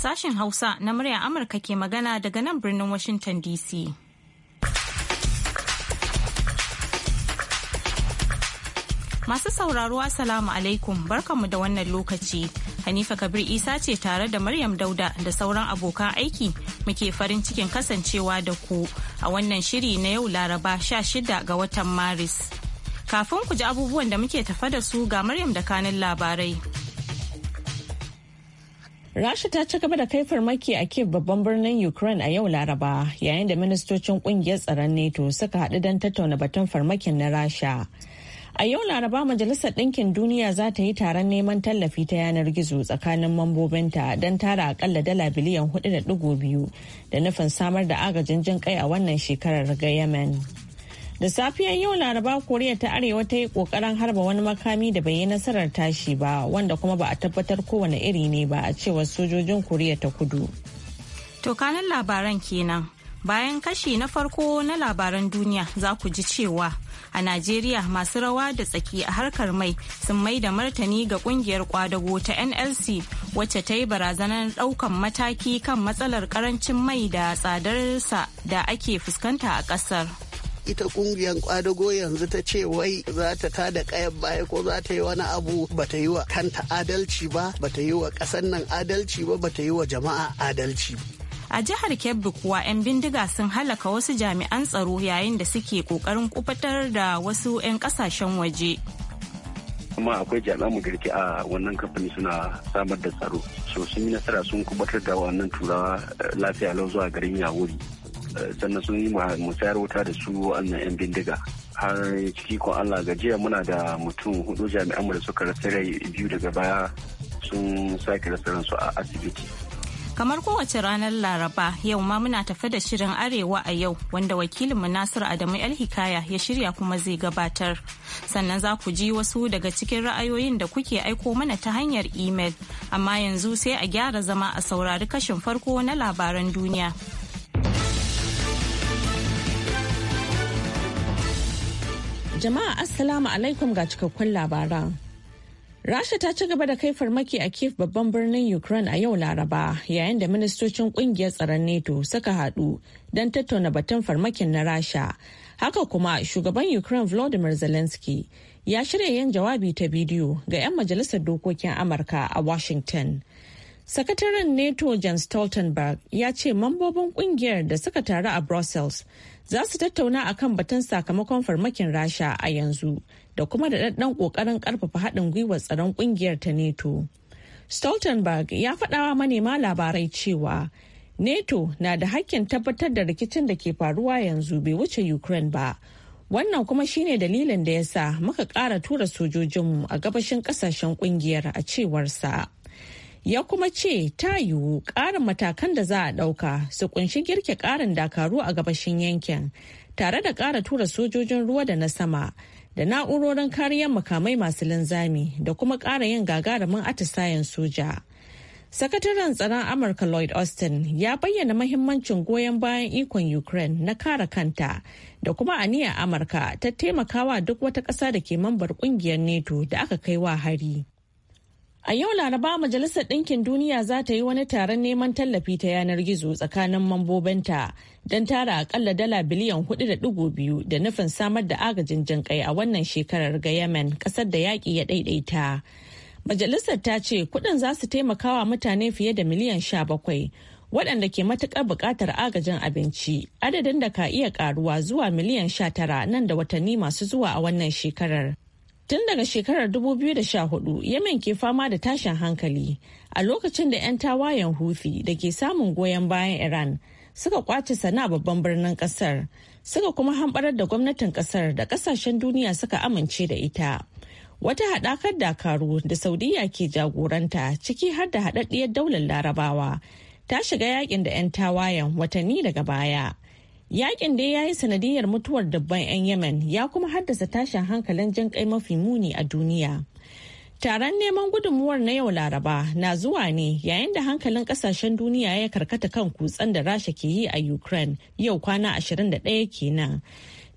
Sashen Hausa na murya Amurka ke magana daga nan birnin Washington DC. Masu sauraro Assalamu alaikum barkanmu da wannan lokaci. Hanifa Kabir Isa ce tare da Maryam Dauda da sauran abokan aiki muke farin cikin kasancewa da ku a wannan shiri na yau Laraba 16 ga watan Maris. Kafin ku ji abubuwan da muke tafa da su ga Maryam da kanin labarai. Rasha ta ci gaba da kai farmaki a Kiev babban birnin Ukraine a yau Laraba yayin da ministocin kungiyar tsaron NATO suka haɗu don tattauna batun farmakin na Rasha. A yau Laraba Majalisar Ɗinkin Duniya za ta yi taron neman tallafi ta yanar gizo tsakanin mambobinta don tara akalla dala biliyan 4.2 da nufin samar da agajin jin kai a wannan shekarar ga Yemen. da safiyar yau laraba koriya ta arewa ta yi kokarin harba wani makami da bai yi nasarar tashi ba wanda kuma ba a tabbatar kowane iri ne ba a cewar sojojin koriya ta kudu to kanan labaran kenan bayan kashi na farko na labaran duniya za ku ji cewa a najeriya masu rawa da tsaki a harkar mai sun mai da martani ga kungiyar kwadago ta nlc wacce ta yi barazanar daukan mataki kan matsalar karancin mai da tsadarsa da ake fuskanta a kasar. ita kungiyar kwadago yanzu ta ce wai za ta tada kayan baya ko za ta yi wani abu ba ta yi wa kanta adalci ba ba ta yi wa ƙasar nan adalci ba ba ta yi wa jama'a adalci a jihar kebbi kuwa 'yan bindiga sun halaka wasu jami'an tsaro yayin da suke kokarin kubatar da wasu 'yan kasashen waje kuma akwai jami'an mu a wannan kamfani suna samar da tsaro so sun nasara sun kubatar da wannan turawa eh, lafiya lau zuwa garin yawuri sannan sun yi musayar wuta da su wannan 'yan bindiga har ciki ko allah gajiya muna da mutum hudu jami'an da suka rasa rai biyu daga baya sun sake rasa su a asibiti kamar kowace ranar laraba yau ma muna tafe da shirin arewa a yau wanda wakilinmu nasiru adamu hikaya ya shirya kuma zai gabatar sannan za ku ji wasu daga cikin ra'ayoyin da kuke aiko mana ta hanyar imel amma yanzu sai a gyara zama a saurari kashin farko na labaran duniya Jama'a Assalamu alaikum ga cikakkun labaran. Rasha ta ci gaba da kai farmaki a Kiev babban birnin Ukraine a yau Laraba yayin da ministocin kungiyar tsaron NATO suka haɗu don tattauna batun farmakin na Rasha. Haka kuma shugaban Ukraine Volodymyr Zelensky ya shirya yin jawabi ta bidiyo ga 'yan majalisar dokokin Amurka a Washington. Sakataren NATO Jens Stoltenberg ya ce mambobin kungiyar da suka taru a Brussels za su tattauna a kan batun sakamakon farmakin rasha a yanzu da kuma da ɗanɗan ƙoƙarin ƙarfafa haɗin gwiwar tsaron ƙungiyar ta neto stoltenberg ya faɗawa manema labarai cewa neto na da hakkin tabbatar da rikicin da ke faruwa yanzu bai wuce ukraine ba wannan kuma shine dalilin da ya sa muka ƙara tura sojojinmu a gabashin ƙasashen ƙungiyar a cewarsa. ya kuma ce ta yiwu ƙarin matakan da za a ɗauka su kunshi girke ƙarin dakaru a gabashin yankin tare da ƙara tura sojojin ruwa da na sama da na'urorin kariyar makamai masu linzami da kuma ƙara yin gagarumin atisayen soja. Sakataren tsaron Amurka Lloyd Austin ya bayyana mahimmancin goyon bayan ikon Ukraine na kare kanta da kuma aniyar Amurka ta taimakawa duk wata ƙasa da ke mambar ƙungiyar NATO da aka kai wa hari. A yau Laraba Majalisar Ɗinkin Duniya za ta yi wani taron neman tallafi ta yanar gizo tsakanin mambobinta don tara akalla dala biliyan 4.2 da nufin samar da agajin jinƙai a wannan shekarar ga Yemen ƙasar da yaƙi ya ɗaiɗaita. Majalisar ta ce kuɗin za su taimakawa mutane fiye da miliyan 17 waɗanda ke matuƙar buƙatar agajin abinci adadin da ka iya ƙaruwa zuwa miliyan 19 nan da watanni masu zuwa a wannan shekarar. Tun daga shekarar 2014 Yemen ke fama da tashin hankali a lokacin da 'yan tawayen Houthi da ke samun goyon bayan Iran suka kwace sana babban birnin kasar suka kuma hamɓarar da gwamnatin kasar da kasashen duniya suka amince da ita. Wata haɗakar dakaru da Saudiya ke jagoranta ciki har da haɗaɗɗiyar daular larabawa ta shiga yakin da 'yan tawayen watanni daga baya. Yakin dai ya yi sanadiyar mutuwar dabban 'yan Yemen ya kuma haddasa tashin hankalin jan kai mafi muni a duniya. Taron neman gudunmuwar na yau Laraba na zuwa ne yayin da hankalin kasashen duniya ya karkata kan kutsen da Rasha ke yi a Ukraine yau kwana 21 kenan.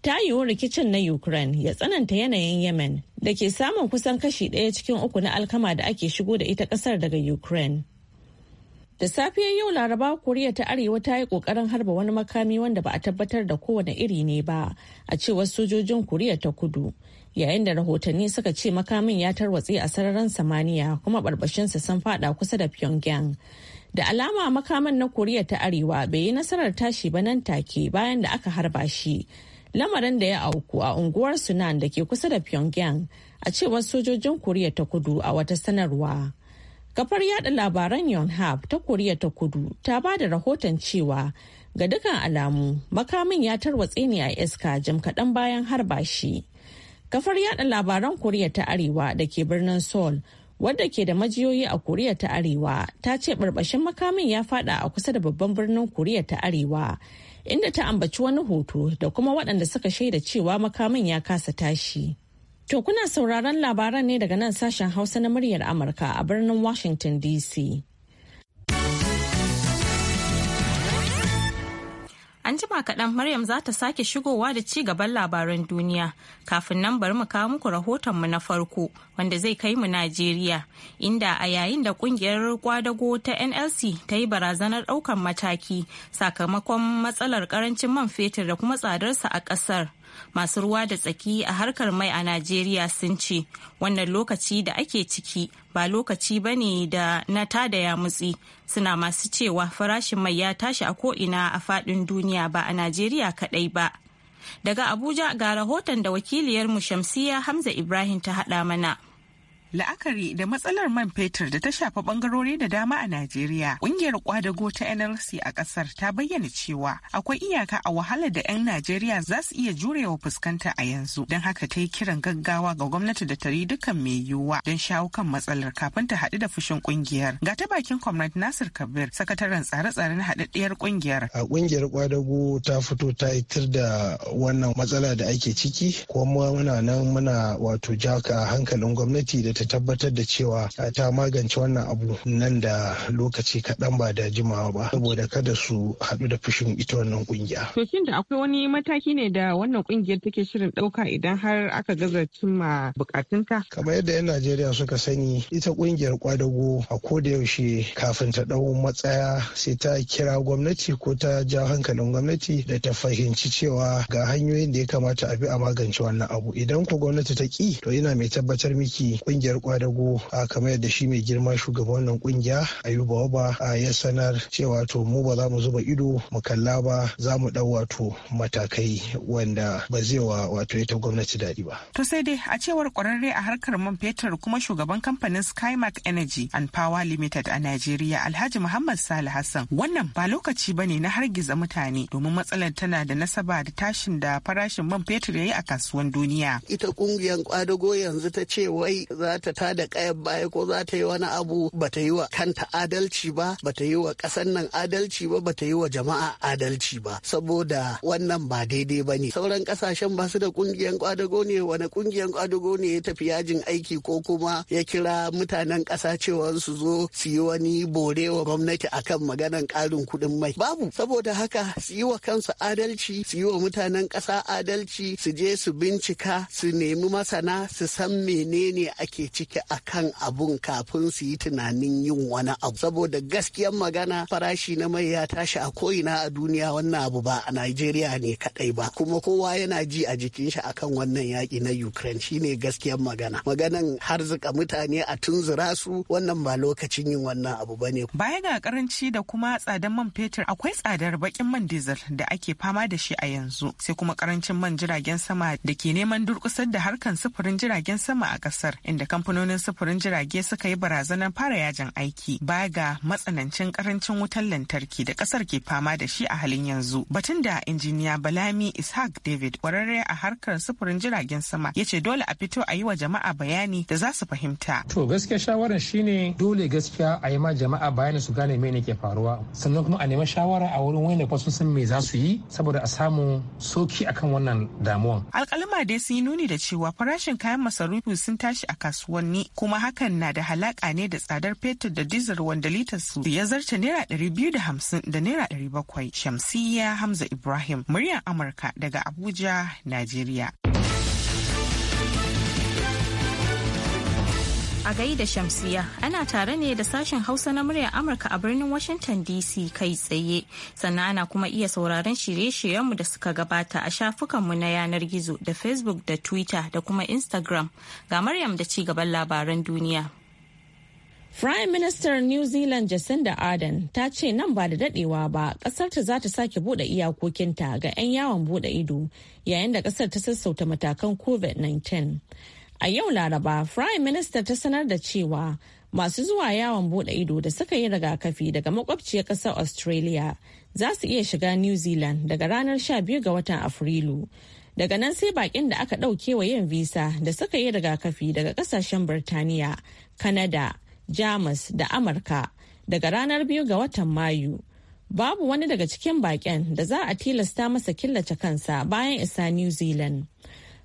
Ta yiwu rikicin na Ukraine ya tsananta yanayin Yemen da ke samun kusan kashi ɗaya cikin uku na alkama da ake shigo da ita ƙasar daga Ukraine. Da safiyar yau Laraba Koriya ta Arewa ta yi kokarin harba wani makami wanda ba a tabbatar da kowane iri ne ba a cewar sojojin Koriya ta Kudu. Yayin da rahotanni suka ce makamin ya tarwatse a sararin samaniya kuma barbashinsa sun fada kusa da Pyongyang. Da alama makaman na Koriya ta Arewa bai yi nasarar tashi ba nan take bayan da aka harba shi. Lamarin da ya auku a unguwar Sunan da ke kusa da Pyongyang a cewar sojojin Koriya ta Kudu a wata sanarwa. Kafar yada labaran Yonhap ta Koriya ta Kudu ta ba da rahoton cewa ga dukkan alamu makamin ya tarwatse ne a iska jim kaɗan bayan harba shi. Kafar yada labaran Koriya ta Arewa da ke birnin Seoul wadda ke da majiyoyi a Koriya ta Arewa ta ce barbashin makamin ya fada a kusa da babban birnin Koriya ta Arewa inda ta ambaci wani hoto da kuma waɗanda suka shaida cewa makamin ya kasa tashi. To kuna sauraron labaran ne daga nan sashen Hausa na muryar Amurka a birnin Washington DC. An jima kaɗan Maryam za ta sake shigowa da ci gaban labaran duniya. Kafin nan bari mu kawo muku rahoton mu na farko wanda zai kai mu Najeriya, inda a yayin da ƙungiyar kwadago ta NLC ta yi barazanar ɗaukan mataki sakamakon matsalar ƙarancin man fetur da kuma tsadarsa a ƙasar. masu ruwa da tsaki a harkar mai a najeriya sun ce wannan lokaci da ake ciki ba lokaci ba ne da na tada ya mutsi suna masu cewa farashin mai ya tashi a ko'ina a fadin duniya ba a najeriya kadai ba daga abuja ga rahoton da wakiliyarmu shamsiya hamza ibrahim ta haɗa mana la'akari da matsalar man fetur da ta shafa bangarori da dama a Najeriya. Kungiyar kwadago ta NLC a kasar ta bayyana cewa akwai iyaka a wahalar da 'yan Najeriya za su iya jurewa fuskanta a yanzu. Don haka ta yi kiran gaggawa ga gwamnati da tari dukkan mai yiwuwa don shawo kan matsalar kafin ta haɗu da fushin kungiyar. Ga ta bakin Comrade Nasir Kabir, sakataren tsare-tsaren haɗaɗɗiyar kungiyar. A kungiyar kwadago ta fito ta tir da wannan matsala da ake ciki kuma muna nan muna wato jaka hankalin gwamnati da ta ta tabbatar da cewa ta magance wannan abu nan da lokaci kaɗan ba da jimawa ba saboda kada su haɗu da fushin ita wannan kungiya. To da akwai wani mataki ne da wannan kungiyar take shirin ɗauka idan har aka gaza cimma bukatunta? Kamar yadda 'yan Najeriya suka sani ita kungiyar kwadago a ko da yaushe kafin ta ɗau matsaya sai ta kira gwamnati ko ta ja hankalin gwamnati da ta fahimci cewa ga hanyoyin da ya kamata a bi a magance wannan abu idan ko gwamnati ta ki to ina mai tabbatar miki kungiyar kungiyar kwadago kamar yadda shi mai girma shugaban wannan kungiya ayuba a ya sanar cewa to mu ba za mu zuba ido mu kalla ba za mu dau wato matakai wanda ba zai wa wato ita gwamnati daɗi ba. To sai dai a cewar kwararre a harkar man fetur kuma shugaban kamfanin Skymark Energy and Power Limited a Najeriya Alhaji Muhammad Salih Hassan wannan ba lokaci ba ne na hargiza mutane domin matsalar tana da nasaba da tashin da farashin man fetur ya yi a kasuwan duniya. Ita kungiyar kwadago yanzu ta ce wai za ta tada kayan baya ko za ta yi wani abu ba ta yi wa kanta adalci ba ba ta yi wa ƙasar nan adalci ba ba ta yi wa jama'a adalci ba saboda wannan ba daidai ba ne sauran ƙasashen ba su da ƙungiyar kwadago ne wani ƙungiyar kwadago ne ya tafi yajin aiki ko kuma ya kira mutanen ƙasa cewa su zo su yi wani bore wa gwamnati akan maganan ƙarin kuɗin mai babu saboda haka su yi wa kansu adalci su yi wa mutanen ƙasa adalci su je su bincika su nemi masana su san menene ake ake ciki akan abun kafin su yi tunanin yin wani abu saboda gaskiyar magana farashi na mai ya tashi a ko'ina a duniya wannan abu ba a Najeriya ne kadai ba kuma kowa yana ji a jikin shi akan wannan yaki na Ukraine shine gaskiyar magana maganan harzuka mutane a tunzura su wannan ba lokacin yin wannan abu bane baya ga karanci da kuma tsadar man fetur akwai tsadar bakin man diesel da ake fama da shi a yanzu sai kuma karancin man jiragen sama da ke neman durkusar da harkan sufurin jiragen sama a kasar inda kamfanonin sufurin jirage suka yi barazanar fara yajin aiki ba ga matsanancin karancin wutar lantarki da kasar ke fama da shi a halin yanzu batun da injiniya balami ishaq david kwararre a harkar sufurin jiragen sama ya ce dole a fito a yi wa jama'a bayani da za su fahimta to gaskiya shawarar shine dole gaskiya a yi ma jama'a bayani su gane mene ke faruwa sannan kuma a nemi shawara a wurin wani fa sun san me za su yi saboda a samu soki akan wannan damuwan alkalima dai sun yi nuni da cewa farashin kayan masarufi sun tashi a kasuwa kasuwanni kuma hakan na da halaka ne da tsadar fetur da dizar wanda litar su ya zarce naira ɗari biyu da hamsin da naira ɗari bakwai. Shamsiyya Hamza Ibrahim muryar Amurka daga Abuja, Najeriya. gai da Shamsiya. Ana tare ne da sashen Hausa na muryar Amurka a birnin Washington DC kai tsaye. Sannan ana kuma iya sauraron shirye-shiryenmu da suka gabata a shafukanmu na yanar gizo da Facebook da Twitter da kuma Instagram. Ga Maryam da ci gaban labaran duniya. Prime Minister New Zealand Jacinda Ardern ta ce nan ba da dadewa ba kasarta za ta sake bude iyakokinta ga 'yan yawon bude ido yayin da kasar ta sassauta matakan COVID-19. A yau Laraba, Prime Minister ta sanar da cewa masu zuwa yawon bude ido da suka yi rigakafi daga makwabciyar ƙasar Australia za su iya shiga New Zealand daga ranar 12 ga watan Afrilu. Daga nan sai bakin da aka ɗauke wa yin visa da suka yi rigakafi daga ƙasashen Birtaniya, Canada, Jamus da Amurka daga ranar 2 ga watan Mayu. Babu wani daga cikin bakin da za a tilasta masa killace kansa bayan isa New Zealand.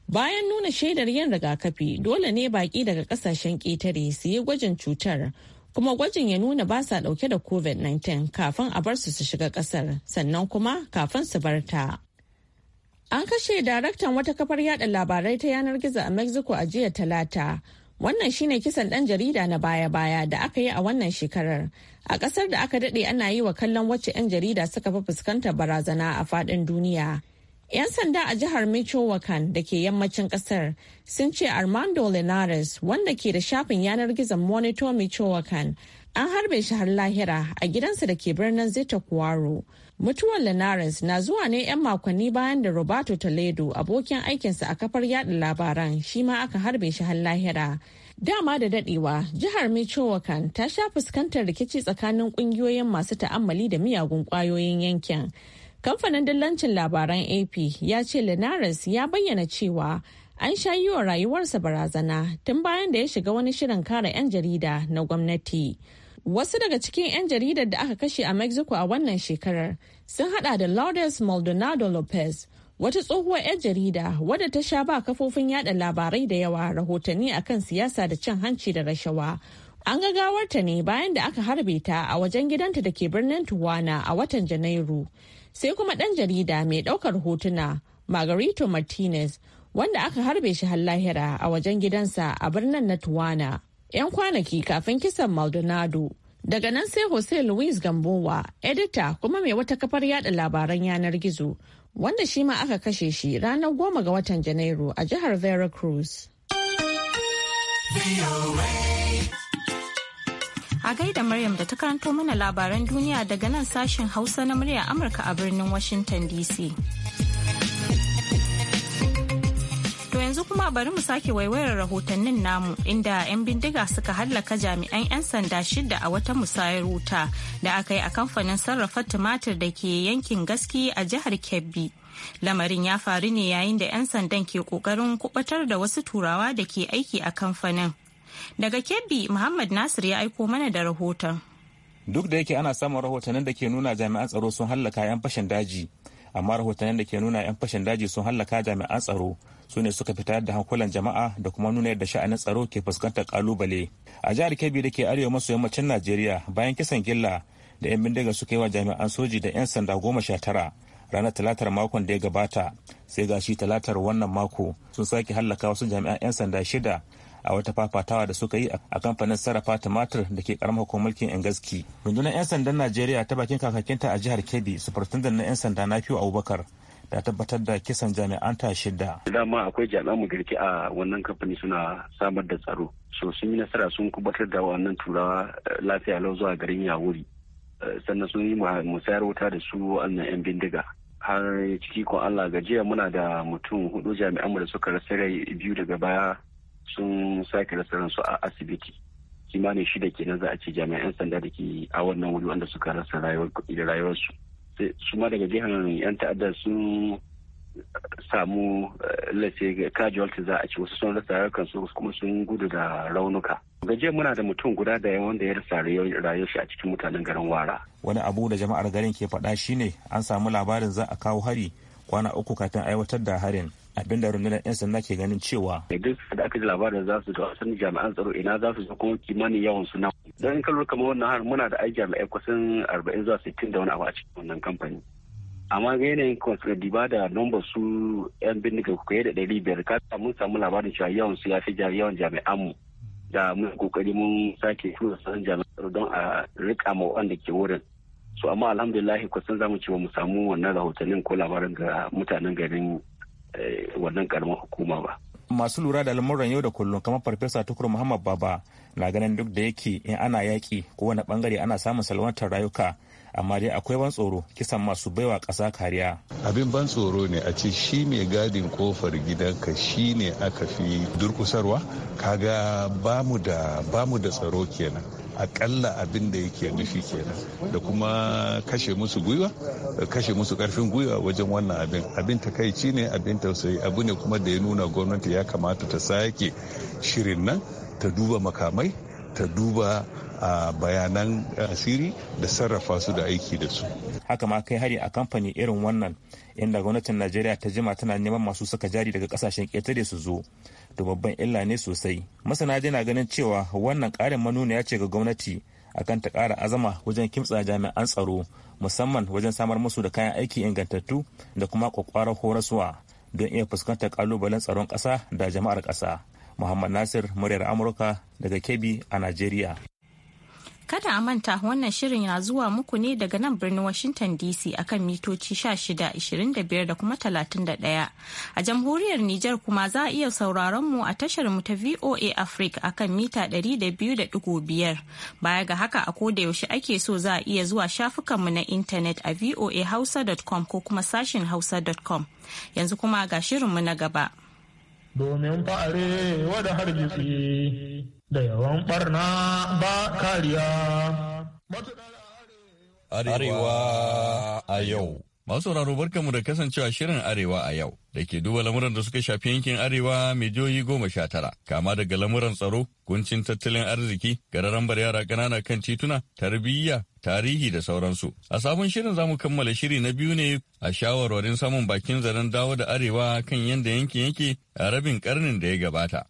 Bayan nuna shaidar yin rigakafi dole ne baƙi daga ƙasashen ƙetare su yi gwajin cutar kuma gwajin ya nuna ba sa ɗauke da COVID-19 kafin a bar su su shiga ƙasar sannan kuma kafin su bar ta. An kashe daraktan wata kafar yada labarai ta yanar gizo a Mexico a jiya talata. Wannan shine kisan ɗan jarida na baya-baya da aka yi a wannan shekarar. A ƙasar da aka daɗe ana yi wa kallon wacce 'yan jarida suka fi fuskantar barazana a faɗin duniya. 'Yan sanda a jihar Michoacan da ke yammacin kasar sun ce Armando Linares wanda ke da shafin yanar gizon Monitor Michoacan an harbe shi har lahira a gidansa da ke birnin Zeta Kuwaro. Mutuwar Linares na zuwa ne 'yan makonni bayan da Roberto Toledo abokin aikinsa a kafar yada labaran shi ma aka harbe shi har lahira. Dama da dadewa jihar Michoacan ta sha fuskantar rikici tsakanin kungiyoyin masu ta'ammali da miyagun kwayoyin yankin. Kamfanin dillancin labaran AP ya ce Linares ya bayyana cewa an sha yi wa rayuwarsa barazana tun bayan da ya shiga wani shirin kare 'yan jarida na gwamnati. Wasu daga cikin 'yan jaridar da aka kashe a Mexico a wannan shekarar sun hada da Lourdes Maldonado Lopez, wata tsohuwar 'yan jarida wadda ta sha ba kafofin yada labarai da yawa rahotanni akan siyasa da cin hanci da rashawa. An gagawarta ne bayan da aka harbe ta a wajen gidanta da ke birnin Tuwana a watan Janairu. sai kuma ɗan jarida mai ɗaukar hotuna margarito martinez wanda aka harbe shi har lahira a wajen gidansa a birnin na tuwana 'yan kwanaki kafin kisan maldonado daga nan sai jose luis gamboa edita kuma mai wata kafar yada labaran yanar gizo wanda shi ma aka kashe shi ranar goma ga watan janairu a jihar veracruz. A gaida Maryam da ta karanto mana labaran duniya daga nan sashen Hausa na murya Amurka a birnin Washington DC. To yanzu kuma bari mu sake waiwayar rahotannin namu inda 'yan bindiga suka hallaka jami'an 'yan sanda shida a wata musayar wuta da aka yi a kamfanin sarrafa tumatir da ke yankin gaski a jihar Kebbi. Lamarin ya faru ne yayin da 'yan sandan ke kokarin kubatar da wasu turawa da ke aiki a kamfanin. Daga Kebbi Muhammad Nasir ya aiko mana da rahoton. Duk da yake ana samun rahotannin da ke nuna jami'an tsaro sun hallaka 'yan fashin daji, amma rahotannin da ke nuna 'yan fashin daji sun hallaka jami'an tsaro su ne suka fitar da hankulan jama'a da kuma nuna yadda sha'anin tsaro ke fuskantar kalubale. A jihar Kebbi da ke arewa maso yammacin Najeriya bayan kisan gilla da 'yan bindiga suka yi wa jami'an soji da 'yan sanda goma sha tara ranar talatar makon da ya gabata sai gashi talatar wannan mako sun sake hallaka wasu jami'an 'yan sanda shida a wata fafatawa da suka yi a kamfanin sarrafa tumatir da ke karamar hukumar mulkin Engaski. Rundunar 'yan sandan Najeriya ta bakin kakakinta a jihar Kebbi, da na 'yan sanda na Nafiu Abubakar da tabbatar da kisan jami'an ta shida. Dama akwai jami'an mu girki a wannan kamfani suna samar da tsaro. So sun yi nasara sun kubatar da wannan turawa eh, lafiya lau zuwa garin Yawuri. Eh, sannan sun yi musayar wuta da su wannan 'yan bindiga. Har ciki ko Allah gajiya muna da mutum hudu jami'an mu da suka rasa rai biyu daga baya sun sake rasa su a asibiti kimanin shida kenan za a ce jami'an sanda da ke a wannan wuri wanda suka rasa rayuwar rayuwarsu su ma daga jihar yan ta'adda sun samu eh, lace casualty za a ce wasu sun rasa rayuwar su kuma sun gudu da raunuka gajiyar muna da mutum guda da wanda ya rasa rayuwar shi a cikin mutanen garin wara wani abu da jama'ar garin ke faɗa shine an samu labarin za a kawo hari kwana uku kafin aiwatar da harin abin da rundunar 'yan sanda ke ganin cewa. Eh, duk da aka ji labarin za su ga wasan jami'an tsaro ina za su zo kuma kimanin yawan su na. don in kalmar kamar wannan har muna da ai jami'ai kusan arba'in zuwa sittin da wani abu a cikin wannan kamfani. amma ga yanayin diba da nomba su 'yan bindiga kuka da ɗari biyar ka mun samu labarin cewa yawan su ya fi yawan jami'an mu. da mun kokari mun sake tura sanin jami'an tsaro don a rika ma wanda ke wurin su amma alhamdulillah kusan zamu ce ba mu samu wannan rahotannin ko labarin ga mutanen garin Eh, wannan karamar hukuma ba. Masu lura da lamuran yau da kullum kamar Farfesa Tukur Muhammad Baba na ganin duk da yake in ana yaƙi wani bangare ana samun salwantar rayuka amma dai akwai ban tsoro kisan masu baiwa ƙasa kariya. Abin ban tsoro ne a ce shi ne gadin kofar gidanka shi ne aka fi durkusarwa kaga bamu da tsaro kenan. akalla abin da yake nufi kenan da kuma kashe musu gwiwa kashe musu karfin gwiwa wajen wannan abin abin ta ci ne abin tausayi abu ne kuma da ya nuna gwamnati ya kamata ta sake shirin nan ta duba makamai ta duba a bayanan asiri da sarrafa su da aiki da su. Haka ma kai hari a kamfani irin wannan inda gwamnatin Najeriya ta jima tana neman masu saka jari daga kasashen ƙetare su zo. da babban illa ne sosai masana na ganin cewa wannan ƙarin manuniya ce ga gwamnati akan ta ƙara azama wajen kimtsa jami'an tsaro musamman wajen samar musu da kayan aiki ingantattu da kuma kwakwaran horaswa don iya fuskantar kalubalen tsaron ƙasa da jama'ar ƙasa muhammad nasir muryar amurka daga kebbi a najeriya Kada a manta wannan shirin na zuwa muku ne daga nan birnin Washington DC akan mitoci 16, 25 da kuma 31. A jamhuriyar Nijar kuma za a iya sauraron mu a tashar mu ta VOA Africa akan mita 200.5. Baya ga haka a koda yaushe ake so za a iya zuwa shafukan mu na intanet a voahausa.com ko kuma sashin hausa.com. Yanzu kuma ga shirin mu na gaba. Domin fa'are wada hargitsi da yawan barna ba kariya. Arewa a yau. Masu sauraro barkamu da kasancewa shirin Arewa a yau da ke duba lamuran da suka shafi yankin Arewa mai jihohi goma sha tara, kama daga lamuran tsaro, kuncin tattalin arziki, gararan bar yara ƙanana kan tituna, tarbiyya, tarihi da sauransu. A sabon shirin zamu kammala shiri na biyu ne a shawarwarin samun bakin zaren dawo da Arewa kan yanda yankin yake a rabin karnin da ya gabata.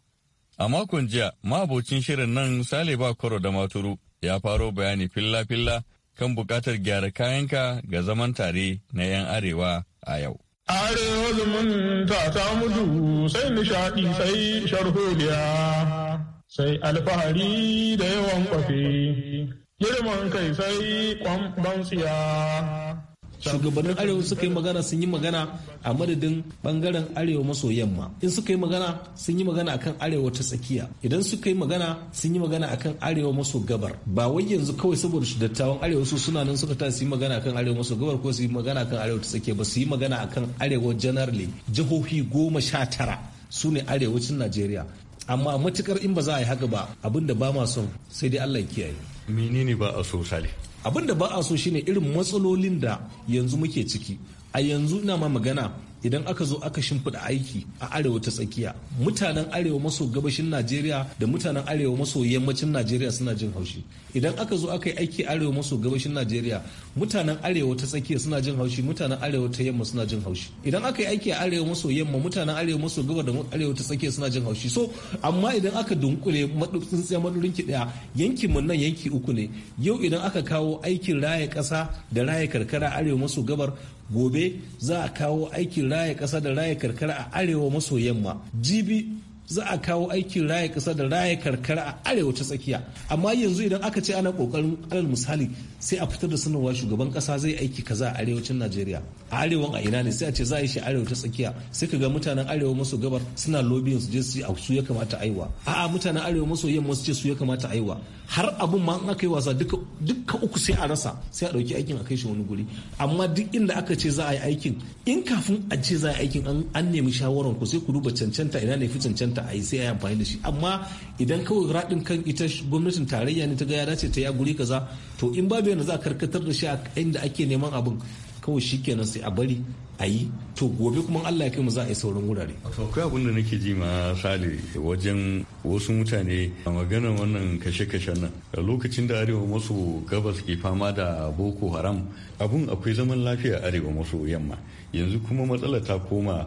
A makon jiya, mabocin shirin nan Sale ba koro da Maturu ya faro bayani filla-filla kan buƙatar gyara kayanka ga zaman tare na 'yan arewa a yau. Arewa zumunta ta mudu sai nishaɗi sai sharholiya sai alfahari da yawan kwafe, girman kai sai kwamban tsiya. shugabannin arewa suka yi magana sun yi magana a madadin bangaren arewa maso yamma in suka yi magana sun yi magana akan arewa ta tsakiya idan suka yi magana sun yi magana akan arewa maso gabar ba wai yanzu kawai saboda su dattawan arewa su suna nan suka ta su yi magana akan arewa maso gabar ko su yi magana akan arewa ta tsakiya ba su yi magana akan arewa generally jihohi goma sha tara su ne arewacin najeriya amma matukar in ba za a yi haka ba abin da ba ma son sai dai allah kiyaye menene ba a so sale abin da ba a so shine irin matsalolin da yanzu muke ciki a yanzu ina ma magana idan aka zo aka shimfiɗa aiki a arewa ta tsakiya mutanen arewa maso gabashin najeriya da mutanen arewa maso yammacin najeriya suna jin haushi idan aka zo aka yi aiki arewa maso gabashin najeriya mutanen arewa ta tsakiya suna jin haushi mutanen arewa ta yamma suna jin haushi idan aka yi aiki a arewa maso yamma mutanen arewa maso gaba da arewa ta tsakiya suna jin haushi so amma idan aka dunkule tsintsiya madurin ki daya yankin mun nan yanki uku ne yau idan aka kawo aikin raya kasa da raya karkara arewa maso gabar gobe za a kawo aikin raya ƙasa da raya karkara a arewa maso yamma jibi za a kawo aikin raya kasa da raya karkara a arewa ta tsakiya amma yanzu idan aka ce ana ƙoƙarin alal misali sai a fitar da sanarwa shugaban ƙasa zai aiki kaza a arewacin najeriya a arewan a ina ne sai a ce za a yi shi arewa ta tsakiya sai ka ga mutanen arewa maso gabar suna lobbying su je su a su ya kamata aiwa a'a mutanen arewa maso yamma su ce su ya kamata aiwa har abun ma in aka yi wasa duka uku sai a rasa sai a ɗauki aikin a kai shi wani guri amma duk inda aka ce za a yi aikin in kafin a ce za a yi aikin an nemi shawaran ku sai ku duba cancanta ina ne fi cancanta ta a yi sai a yi amfani da shi amma idan kawai raɗin kan ita gwamnatin tarayya ne ta ga ya dace ta ya guri kaza to in babu yana za a karkatar da shi a inda ake neman abin kawai shikenan kenan sai a bari a yi to gobe kuma allah ya kai mu za a yi sauran wurare. akwai abin da nake ji ma sale wajen wasu mutane a maganar wannan kashe kashe nan a lokacin da arewa maso gabas ke fama da boko haram abun akwai zaman lafiya arewa maso yamma yanzu kuma matsala ta koma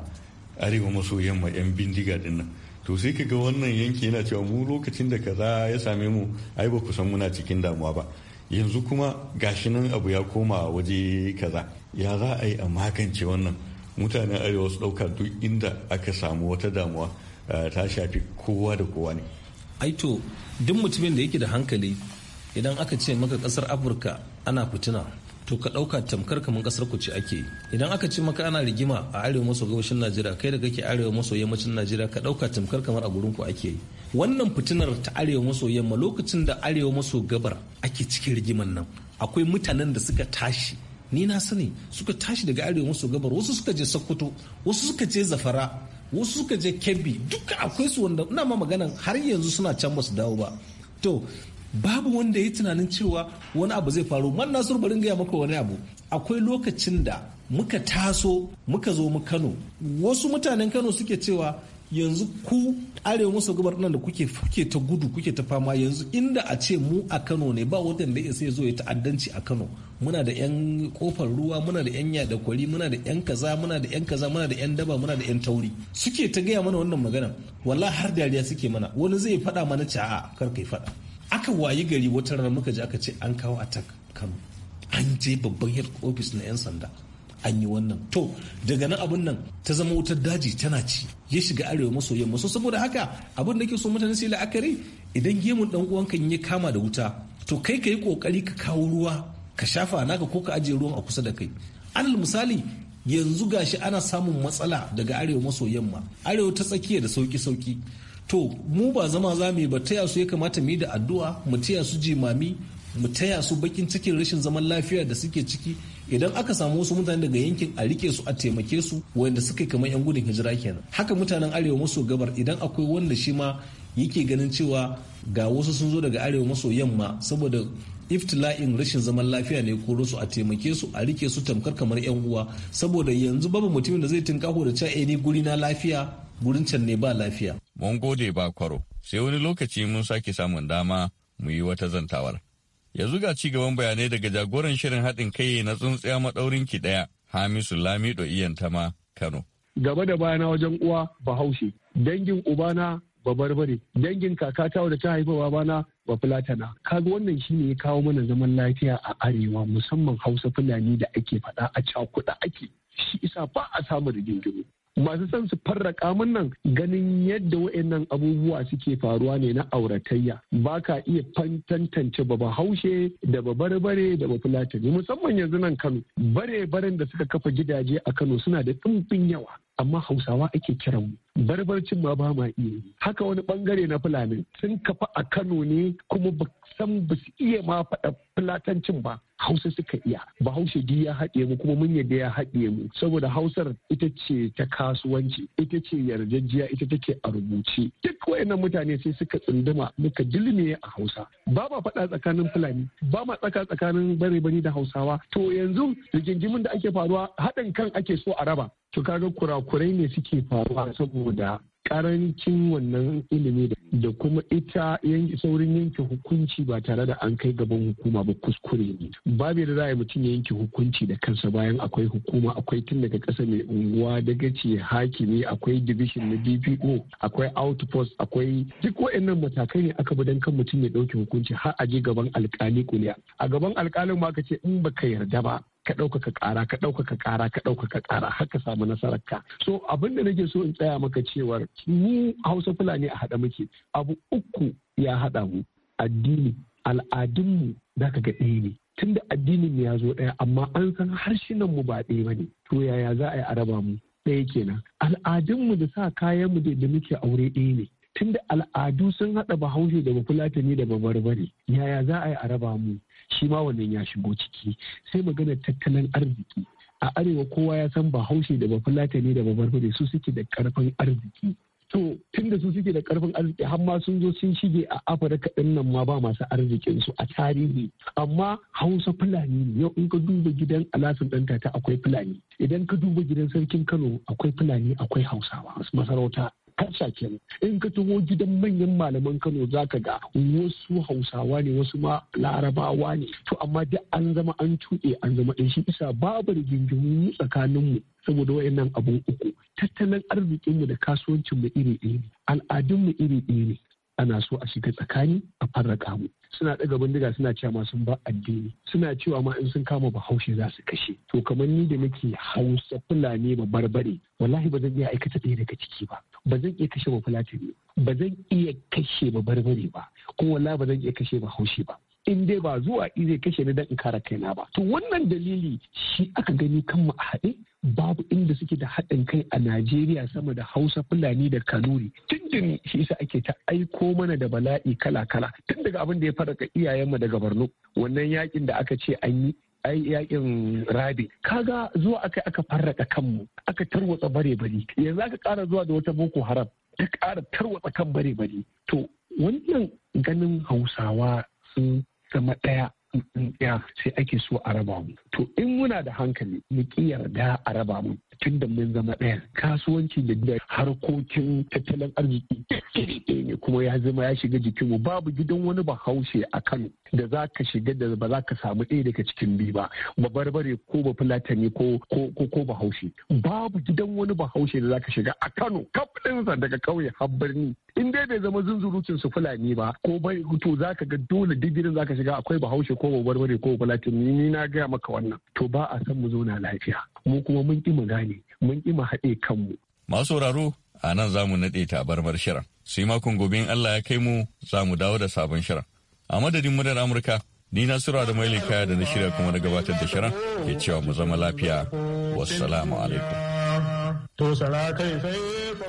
arewa maso yamma yan bindiga dinnan. to sai ka ga wannan yanki yana cewa mu lokacin da kaza ya same mu ai ba ku san muna cikin damuwa ba yanzu kuma gashi nan abu ya koma waje kaza ya za a yi a magance wannan mutanen arewa su ɗauka duk inda aka samu wata damuwa ta shafi kowa da kowa ne aito duk mutumin da yake da hankali idan aka ce maka kasar afirka ana fitina to ka ɗauka tamkar kamar ƙasar ku ce ake yi idan aka ce maka ana rigima a arewa maso gabashin najeriya kai da kake arewa maso yammacin najeriya ka ɗauka tamkar kamar a gurin ku ake yi wannan fitinar ta arewa maso yamma lokacin da arewa maso gabar ake cikin rigiman nan akwai mutanen da suka tashi ni na sani suka tashi daga arewa maso gabar wasu suka je sokoto wasu suka je zafara wasu suka je kebbi duka akwai su wanda ina ma magana har yanzu suna can ba su dawo ba to babu wanda ya yi tunanin cewa wani abu zai faru man nasu bari gaya maka wani abu akwai lokacin da muka taso muka zo mu kano wasu mutanen kano suke cewa yanzu ku arewa maso gabar nan da kuke ta gudu kuke ta fama yanzu inda a ce mu a Kano ne ba wata da ya zo ya ta'addanci a Kano muna da yan kofar ruwa muna da yan yada kwari muna da yan kaza muna da yan kaza muna da yan daba muna da yan tauri suke ta gaya mana wannan magana wallahi har dariya suke mana wani zai faɗa mana ca'a kar kai faɗa aka wayi gari wata rana muka ji aka ce an kawo attack kano an je babban head office na 'yan sanda an yi wannan to daga nan abin nan ta zama wutar daji tana ci ya shiga arewa maso yamma so saboda haka abin da ke so mutane su yi la'akari idan gemun dan uwanka ya kama da wuta to kai ka yi kokari ka kawo ruwa ka shafa naka ko ka ajiye ruwan a kusa da kai alal misali yanzu gashi ana samun matsala daga arewa maso yamma arewa ta tsakiya da sauki sauki to mu ba zama za mu yi ba taya su ya kamata mu yi da addu'a mu taya su jimami mu taya su bakin cikin rashin zaman lafiya da suke ciki idan aka samu wasu mutane daga yankin a rike su a taimake su wanda suka kamar yan gudun hijira kenan haka mutanen arewa maso gabar idan akwai wanda shi ma yake ganin cewa ga wasu sun zo daga arewa maso yamma saboda iftila'in rashin zaman lafiya ne ko su a taimake su a rike su tamkar kamar yan uwa saboda yanzu babu mutumin da zai tinkaho da cewa eh, ni guri na lafiya burin can ne ba lafiya. Mun gode ba kwaro, sai wani lokaci mun sake samun dama mu yi wata zantawar. Yanzu ga ci gaban bayanai daga jagoran shirin haɗin kai na tsuntsiya maɗaurin ki ɗaya Hamisu Lamido iyan Iyantama Kano. Gaba da bayana wajen uwa Bahaushe, dangin ubana ba barbare dangin kakata da ta haifa babana ba fulatana. Kaga wannan shi ne ya kawo mana zaman lafiya a arewa musamman Hausa Fulani da ake faɗa a cakuɗa ake. Shi isa ba a samun rigingimu. masu son su farraka mun nan ganin yadda wa'annan abubuwa suke faruwa ne na auratayya ba ka iya fantantance ba haushe da ba barbare, da ba fulatani musamman yanzu nan kano bare baren da suka kafa gidaje a kano suna da tsumfin yawa amma hausawa ake kiran mu barbarcin ma ba ma iya haka wani bangare na fulani sun kafa a kano ne kuma san ba su iya ma faɗa fulatancin ba hausa suka iya bahaushe di ya haɗe mu kuma mun yadda ya haɗe mu saboda hausar ita ce ta kasuwanci ita ce yarjejjiya ita take a rubuce duk wayannan mutane sai suka tsunduma muka jilme a hausa ba ma faɗa tsakanin fulani ba ma tsaka tsakanin bare bani da hausawa to yanzu rigingimin da ake faruwa haɗin kan ake so a raba to kaga kurakurai ne suke faruwa saboda karancin wannan ilimi da kuma ita saurin yanke hukunci ba tare da an kai gaban hukuma ba kuskure ne babu da za a mutum ya yanke hukunci da kansa bayan akwai hukuma akwai tun daga ƙasa mai unguwa daga ce hakimi akwai division na dpo akwai outpost akwai duk wa'annan matakai ne aka bi don kan mutum ya ɗauke hukunci har a je gaban alƙali kuliya a gaban alƙalin ma ka ce in baka yarda ba ka ɗaukaka ƙara ka ɗaukaka ƙara ka ɗaukaka ƙara har ka samu nasarar ka so abin da nake so in tsaya maka cewar mu hausa fulani a haɗa muke abu uku ya haɗa mu addini al'adunmu za ka ga ɗaya ne tunda addinin ya zo ɗaya amma an san harshenan mu ba ɗaya ba ne to yaya za a yi a raba mu ɗaya kenan al'adunmu da sa kayan mu da muke aure ɗaya ne tunda al'adu sun haɗa bahaushe da bafulatani da babarbare yaya za a yi a raba mu shi ma wannan ya shigo ciki sai magana tattalin arziki a arewa kowa ya san bahaushe da ne da babarfare su suke da karfin arziki to tun da su suke da karfin arziki har ma sun zo sun shige a afirka din nan ma ba masu arzikin su a tarihi amma hausa fulani ne yau in ka duba gidan alasun danta ta akwai fulani idan ka duba gidan sarkin kano akwai fulani akwai hausawa masarauta hausa kenan in ka taho gidan manyan malaman kano zaka ga wasu hausawa ne wasu ma larabawa ne to amma duk an zama an tuɗe an zama ɗan shi isa babu rigingimu tsakaninmu saboda wayannan abun uku tattalin arzikinmu da kasuwancinmu iri iri ne al'adunmu iri iri ana so a shiga tsakani a farraka mu suna daga bindiga suna cewa ma sun ba addini suna cewa ma in sun kama bahaushe za su kashe to kamar ni da nake hausa fulani ba barbare wallahi ba zan iya aikata ɗaya daga ciki ba ba zan iya kashe ba fulatani ba zan iya kashe ba barbare ba ko wala ba zan iya kashe ba haushi ba in dai ba zuwa in zai kashe ni dan in kare kaina ba to wannan dalili shi aka gani kan mu a haɗe babu inda suke da haɗin kai a Najeriya sama da Hausa Fulani da Kanuri tun shi yasa ake ta aiko mana da bala'i kala kala tun daga abin da ya faraka iyayenmu daga Borno wannan yakin da aka ce an yi yakin rabi kaga zuwa aka aka farraka kanmu aka tarwatsa bare bari yanzu aka kara zuwa da wata boko haram ta kara tarwatsa kan bare bari to wannan ganin hausawa sun zama ɗaya ɗaya sai ake so a raba mu to in muna da hankali mu ki yarda a raba mu tun da mun zama ɗaya kasuwanci da harkokin tattalin arziki ɗaya ne kuma ya zama ya shiga jikinmu babu gidan wani bahaushe a kano da za ka shiga da ba za ka samu ɗaya daga cikin biyu ba ba barbare ko ba fulatani ko ko bahaushe babu gidan wani bahaushe da za ka shiga a kano kaf ɗinsa daga kauye har birni in dai bai zama zunzurucin su fulani ba ko bai to za ka ga dole gidan za ka shiga akwai bahaushe ko ba barbare ko ba fulatani ni na gaya maka wannan to ba a san mu zo na lafiya mu kuma mun ƙi mu gane ne mun ki mu haɗe kanmu. Masu sauraro a nan za mu naɗe tabarmar shirin. Sai makon gobe in Allah ya kai mu za mu dawo da sabon shirin. A madadin murar Amurka, ni na sura da maili kaya da na shirya kuma na gabatar da shirin ke cewa mu zama lafiya. Wassalamu alaikum.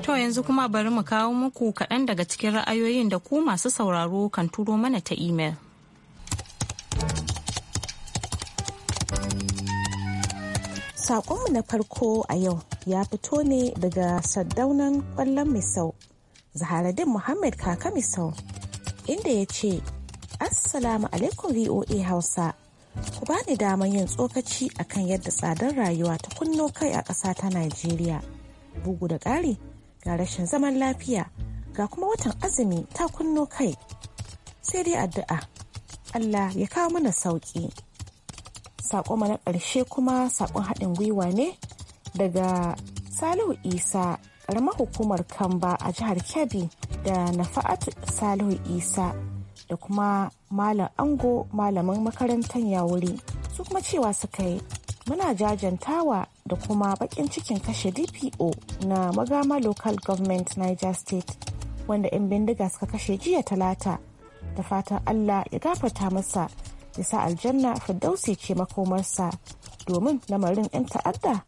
To yanzu kuma bari mu kawo muku kaɗan daga cikin ra'ayoyin da ku masu sauraro kan turo mana ta imel. Saƙonmu na farko a yau ya fito ne daga saddaunan ƙwallon Misau, Zaharadin Muhammad Kaka Misau, inda ya ce, Assalamu alaikum VOA Hausa, ku bani ni damar yin tsokaci akan yadda tsadar rayuwa ta kunno kai a ƙasa ta Najeriya. Bugu da ƙari ga rashin zaman lafiya ga kuma watan azumi ta kunno kai. Sai dai addu'a, Allah ya kawo mana sauƙi. sako na karshe kuma sakon haɗin gwiwa ne daga Salihu Isa ƙaramar hukumar Kamba a jihar Kebbi da Nafa'atu Salihu Isa da kuma Malam Ango malamin makarantar Yawuri. Su kuma cewa suka yi muna jajantawa da kuma bakin cikin kashe DPO na Magama Local Government Niger State wanda 'yan bindiga suka kashe jiya talata da fatan Allah ya gafata masa ya sa aljanna firdausi ce makomarsa domin lamarin 'yan ta'adda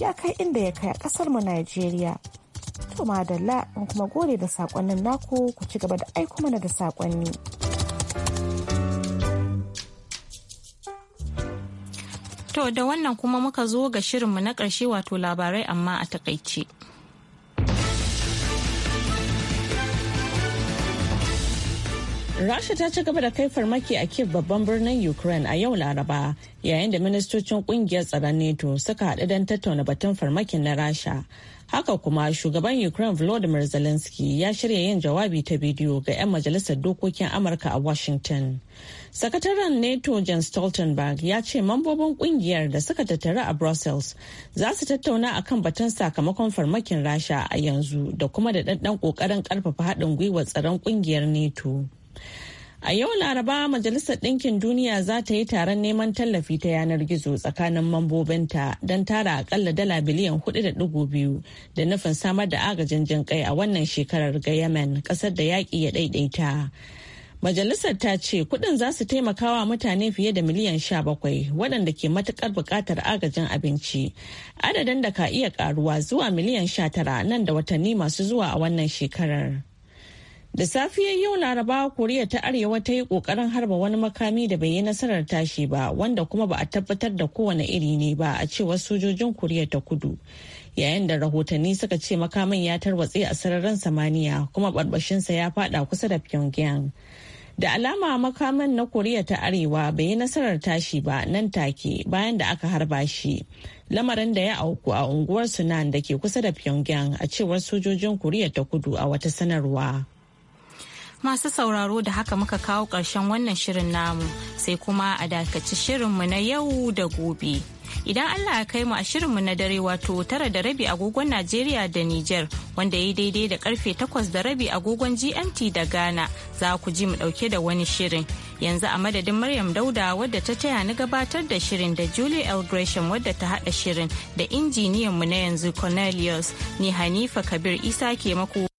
ya kai inda ya kai a kasar mu Najeriya. To madalla in kuma gode da sakonnin naku ku ci gaba da aiko mana da sakonni. To da wannan kuma muka zo ga shirinmu na ƙarshe wato labarai amma a takaice. Rasha ta ci gaba da kai farmaki a Kiev babban birnin Ukraine a yau Laraba yayin da ministocin kungiyar tsaron NATO suka haɗu don tattauna batun farmakin na Rasha. Haka kuma shugaban Ukraine Volodymyr Zelensky ya shirya yin jawabi ta bidiyo ga 'yan majalisar dokokin Amurka a Washington. Sakataren NATO Jen Stoltenberg ya ce mambobin kungiyar da suka tattaru a Brussels za su tattauna a kan batun sakamakon farmakin Rasha a yanzu da kuma da ɗanɗan ƙoƙarin ƙarfafa haɗin gwiwar tsaron kungiyar NATO. A yau Laraba Majalisar Ɗinkin Duniya za ta yi taron neman tallafi ta yanar gizo tsakanin mambobinta don tara akalla dala biliyan 4.2 da nufin samar da agajin jin kai a wannan shekarar ga Yemen ƙasar da yaƙi ya ɗaiɗaita. Majalisar ta ce kuɗin za su taimakawa mutane fiye da miliyan 17 waɗanda ke matuƙar buƙatar agajin abinci. Adadin da ka iya ƙaruwa zuwa miliyan 19 nan da watanni masu zuwa a wannan shekarar. Da safiyar yau Laraba Koriya ta Arewa ta yi kokarin harba wani makami da bai yi nasarar tashi ba wanda kuma ba a tabbatar da kowane iri ne ba a cewar sojojin Koriya ta Kudu. Yayin da rahotanni suka ce makamin ya tarwatse a sararin samaniya kuma barbashinsa ya fada kusa da Pyongyang. Da alama makaman na Koriya ta Arewa bai yi nasarar tashi ba nan take bayan da aka harba shi. Lamarin da ya auku a unguwar Sunan da ke kusa da Pyongyang a cewar sojojin Koriya ta Kudu a wata sanarwa. Masu sauraro da haka muka kawo ƙarshen wannan shirin namu sai kuma a dakaci shirinmu na yau da gobe. Idan Allah ya kai mu a shirinmu na dare wato tara da rabi agogon Najeriya da Nijar wanda ya daidai da karfe takwas da rabi agogon GMT da Ghana za ku ji mu ɗauke da wani shirin. yanzu a madadin Maryam Dauda wadda ta taya ni gabatar da shirin da Julie L. wadda ta haɗa shirin da injiniyanmu na yanzu Cornelius ni Hanifa Kabir Isa ke maku.